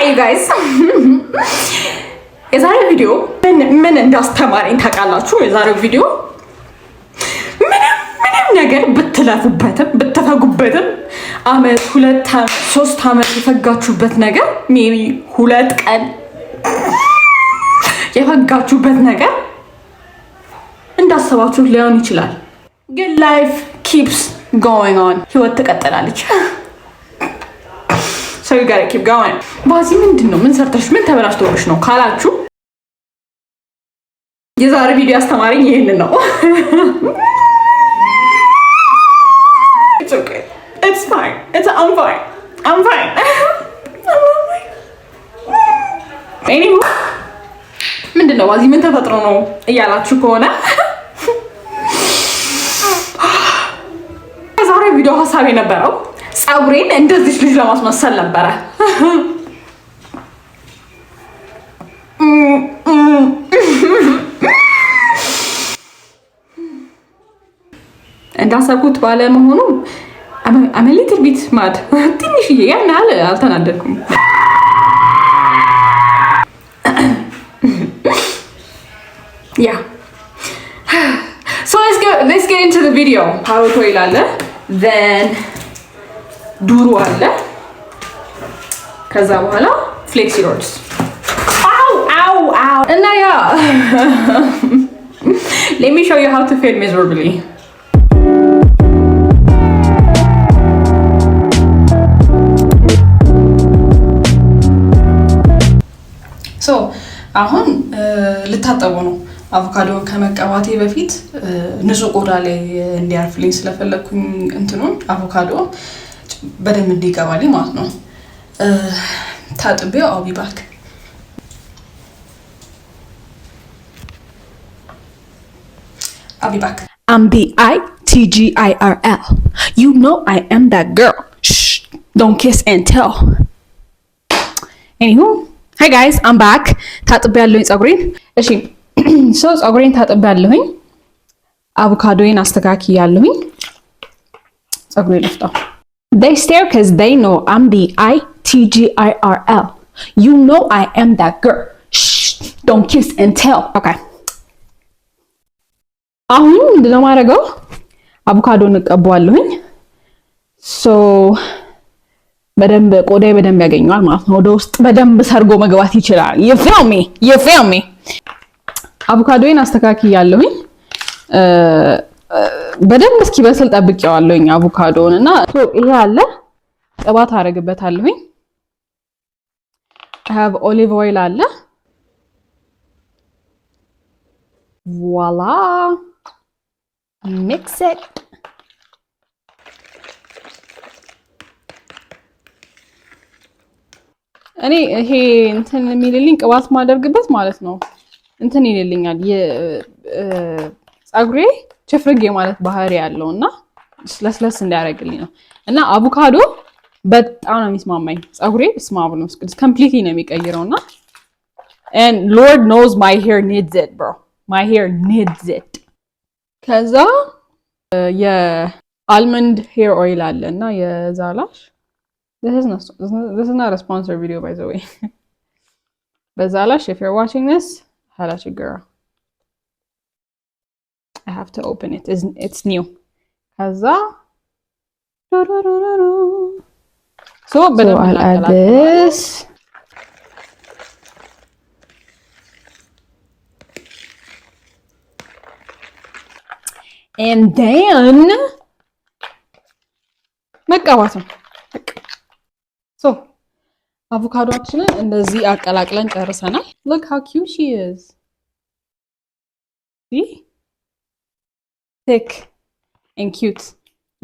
ሀይ ጋይስ የዛሬ ቪዲዮ ምን ምን እንዳስተማረኝ ታውቃላችሁ? የዛሬው ቪዲዮ ምንም ምንም ነገር ብትለፉበትም ብትፈጉበትም አመት ሁለት ሶስት አመት የፈጋችሁበት ነገር ሜቢ ሁለት ቀን የፈጋችሁበት ነገር እንዳሰባችሁ ሊሆን ይችላል። ግን ላይፍ ኪፕስ ጎይንግ ኦን ህይወት ትቀጥላለች። ሰው ጋር ኪፕ ጋዋን ባዚ ምንድን ነው? ምን ሰርተሽ ምን ተበላሽቶብሽ ነው ካላችሁ የዛሬ ቪዲዮ አስተማሪኝ ይህንን ነው። ምንድን ነው ባዚ ምን ተፈጥሮ ነው እያላችሁ ከሆነ የዛሬ ቪዲዮ ሀሳብ የነበረው ፀጉሬን እንደዚህ ልጅ ለማስመሰል ነበረ። እንዳሰብኩት ባለመሆኑ አመሊት ቢት ማድ ትንሽዬ ያን ያህል አልተናደድኩም። ያ ሶ ሌትስ ጌት ኢንቱ ዘ ቪዲዮ ሀውቶ ይላለ ዱሩ አለ። ከዛ በኋላ ፍሌክሲ ሮድስ እና ያ ሌት ሚ ሾው ዩ ሃው ቱ ፌል ሚዘራብሊ ሶ አሁን ልታጠቡ ነው። አቮካዶ ከመቀባቴ በፊት ንጹህ ቆዳ ላይ እንዲያርፍልኝ ስለፈለግኩኝ እንትኑን አቮካዶ በደንብ እንዲገባልኝ ማለት ነው። ታጥቤው አውቢ ባክ አውቢ ባክ አም ዲ አይ ቲ ጂ አይ አር ኤል ዩ ኖ አይ አም ዳት ገርል ዶንት ኬስ ኤንድ ቴል ኤኒሁ ሃይ ጋይስ አም ባክ ታጥቤ ያለሁኝ ፀጉሬን። እሺ ሰው ፀጉሬን ታጥቤ ያለሁኝ አቮካዶዬን አስተካክያለሁኝ። ፀጉሬ ልፍጣው They stare because they know I'm the I T G I R L. You know I am that girl. Shh, don't kiss and tell. Okay. አሁን ምንድን ነው ማድረገው? አቮካዶ እቀባዋለሁኝ። ሶ በደንብ ቆዳዬ በደንብ ያገኘዋል ማለት ነው። ወደ ውስጥ በደንብ ሰርጎ መግባት ይችላል። ዩ ፊል ሚ ዩ ፊል ሚ አቮካዶዬን አስተካክያለሁኝ። በደንብ እስኪ እስኪበስል ጠብቄዋለሁኝ አቮካዶውን እና ይሄ አለ ቅባት አደርግበታለሁኝ። ሀብ ኦሊቭ ኦይል አለ። ዋላ ሚክስ እኔ ይሄ እንትን የሚልልኝ ቅባት ማደርግበት ማለት ነው እንትን ይልልኛል የፀጉሬ ችፍርጌ ማለት ባህሪ ያለው እና ለስለስ እንዲያደርግልኝ ነው እና አቮካዶ በጣም ነው የሚስማማኝ። ፀጉሬ ስማ ብሎ ስቅዱስ ኮምፕሊት ነው የሚቀይረው እና ሎርድ ኖዝ ማይ ሄር ኒድስ ኢት ብሮ ማይ ሄር ኒድስ ኢት። ከዛ የአልመንድ ሄር ኦይል አለ እና የዛላሽ ስና ስፖንሰር ቪዲዮ ባይ ዘ ወይ በዛላሽ ኢፍ ዩር ዋችንግ ስ ሀላ ችግራ I have to open it. It's, it's new. So, so I'll add this. And then መቀባት ነው ሶ አቮካዶችንን እንደዚህ አቀላቅለን ጨርሰናል ሉክ ሃው ኪዩት ሺ ኢዝ ሲ ቴክ ኤንድ ኪዩት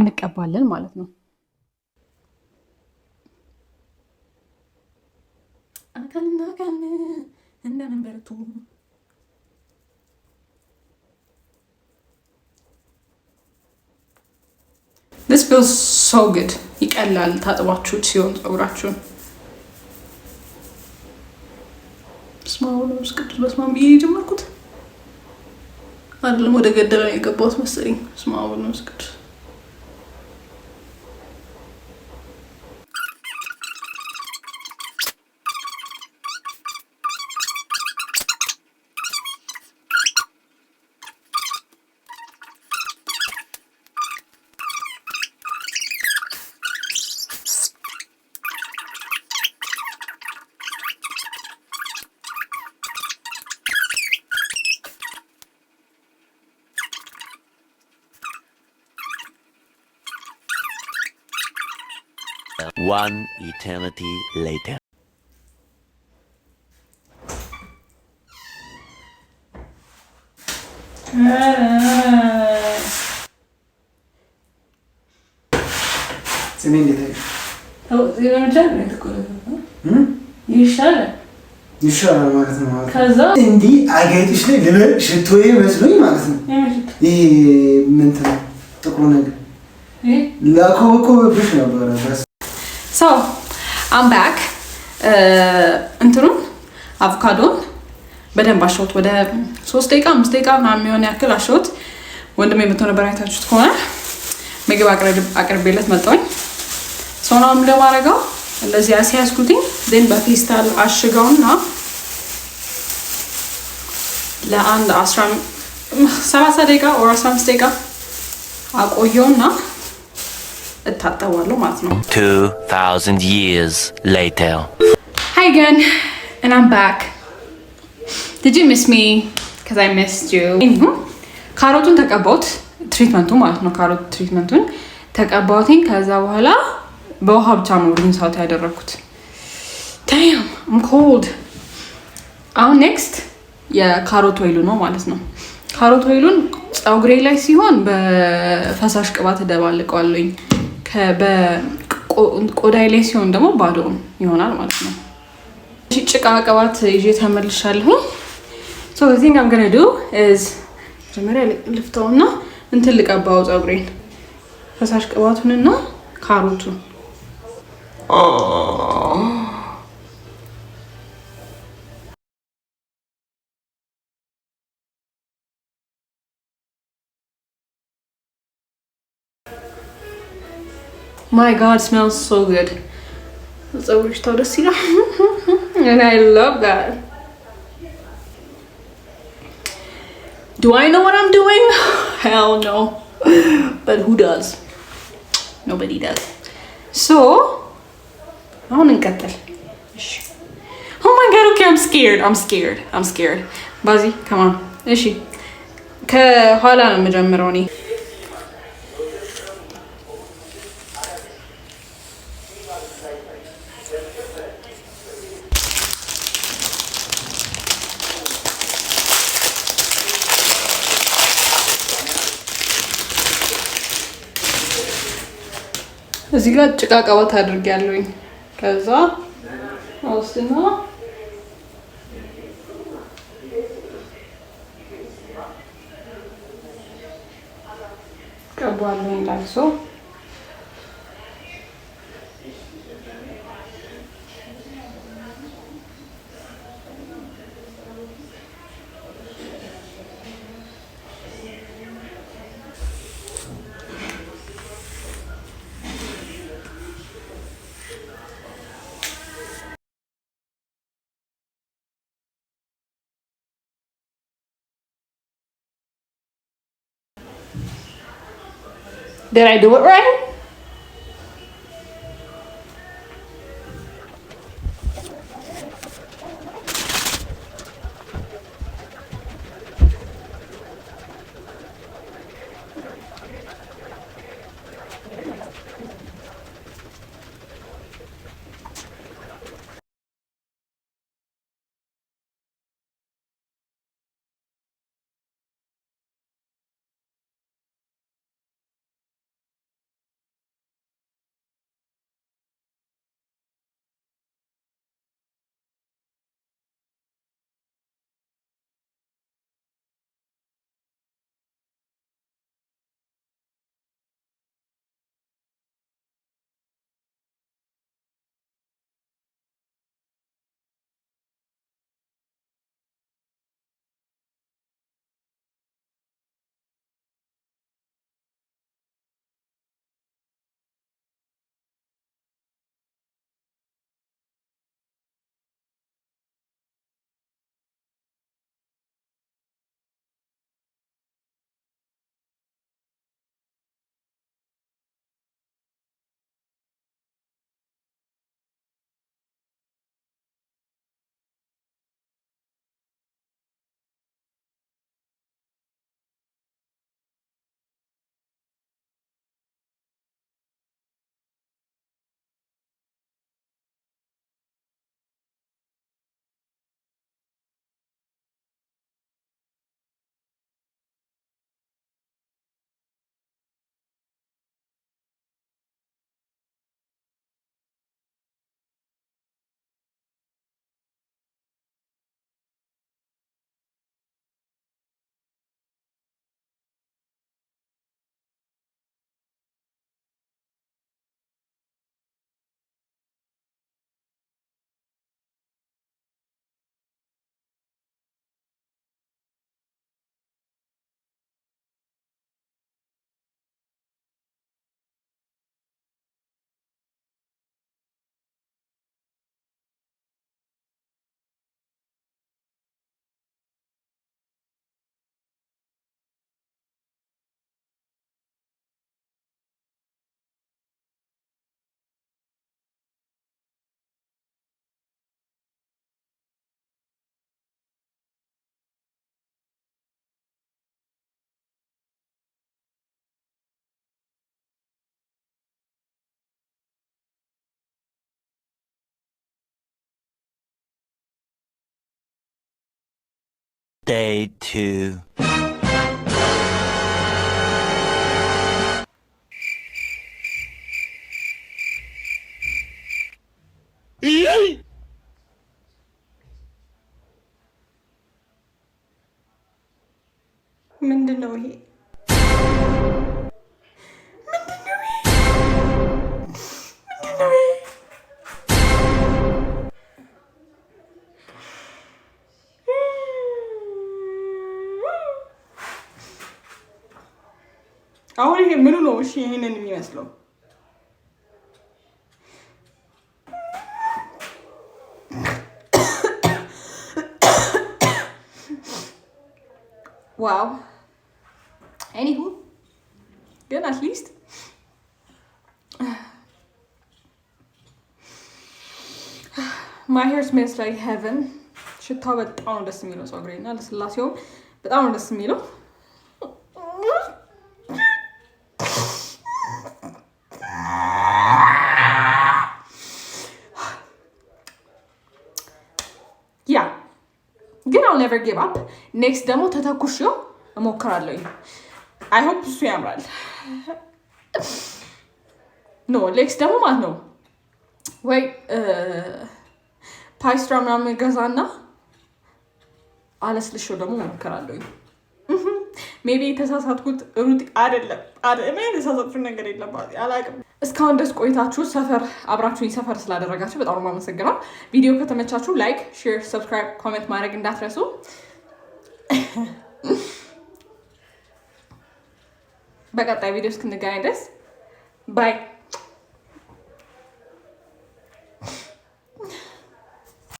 እንቀባለን ማለት ነው። አካልና አካል እንደነበረቱ ስ ፊልስ ሶ ግድ ይቀላል። ታጥባችሁት ሲሆን ፀጉራችሁን ስማውስ ቅዱስ በስማም ብዬ የጀመርኩት አይደለም ወደ ገደለው የገባሁት መሰለኝ። ስማ ስማውን ነው One eternity later. ይሻላል ይሻላል ማለት ነው። እንዲህ አገጭሽ ላይ ልበል ሽቶዬ መስሎኝ ማለት ነው። ይሄ ምንት ነው ጥቁር ነገር ላኮበኮበብሽ ነበረ ሶ አም ባክ እንትኑን አቮካዶን በደንብ አሸሁት። ወደ ሶስት ደቂቃ አምስት ደቂቃ ምናምን የሆነ ያክል አሸሁት። ወንድሜ መቶ ነበር አይታችሁት ከሆነ ምግብ አቅርቤለት መጣሁኝ። ሶናውም ለማድረገው እንደዚህ ሲያስኩትኝ ዜን በፌስታል አሽገውና ለአንድ ሰላሳ ደቂቃ ወር አስራ አምስት ደቂቃ አቆየውና እታጠባለሁ ማለት ነው። 2000 years later Hi again and I'm back. Did you miss me? Because I missed you. Mm-hmm. ካሮቱን ተቀባሁት ትሪትመንቱ ማለት ነው። ካሮት ትሪትመንቱን ተቀባሁትኝ። ከዛ በኋላ በውሃ ብቻ ነው ሪን ሳውት ያደረኩት። ኮልድ። አሁን ኔክስት የካሮት ወይሉ ነው ማለት ነው። ካሮት ወይሉን ፀጉሬ ላይ ሲሆን በፈሳሽ ቅባት እደባልቀዋለኝ። ቆዳይ ላይ ሲሆን ደግሞ ባዶ ይሆናል ማለት ነው። ጭቃ ቅባት ይዤ ተመልሻለሁ። እዚህ ጋም ገነዱ መጀመሪያ ልፍተው ልፍተውና እንትን ልቀባው ፀጉሬን ፈሳሽ ቅባቱንና ካሮቱን My God, smells so good. the ተወደሲና and I love that. Do I know what I'm doing? Hell no. But who does? Nobody does. So, gonna get እሺ Oh my God, okay, I'm scared. I'm scared. I'm scared. Buzzy, come on. እሺ ከኋላ ነው የምጀምረው እኔ እዚህ ጋር ጭቃ ቀባት አድርጊያለሁኝ። ከዛ አውስና ቀቧለሁኝ ላግሶ Did I do it right? Day two. Yay! من دنوي እሺ፣ ይህንን የሚመስለው ዋው ኤኒሁ ግን አትሊስት ማይ ሄር ስሜልስ ላይክ ሄቨን ሽታው በጣም ነው ደስ የሚለው ጸጉሬ እና ለስላሴውም በጣም ነው ደስ የሚለው ነቨር ጌቭ አፕ። ኔክስት ደግሞ ተተኩሽዮ እሞክራለሁ። አይ ሆፕ እሱ ያምራል። ኖ ኔክስት ደግሞ ማለት ነው ወይ ፓይስትራ ምናምን ገዛና አለስልሾ ደግሞ እሞክራለሁ። ሜቢ የተሳሳትኩት ሩጥ አይደለም። እኔ የተሳሳትኩት ነገር የለም አላቅም። እስካሁን ደስ ቆይታችሁ ሰፈር አብራችሁኝ ሰፈር ስላደረጋችሁ በጣም ነው የማመሰግነው። ቪዲዮ ከተመቻችሁ ላይክ፣ ሼር፣ ሰብስክራይብ፣ ኮሜንት ማድረግ እንዳትረሱ። በቀጣይ ቪዲዮ እስክንገናኝ ድረስ ባይ።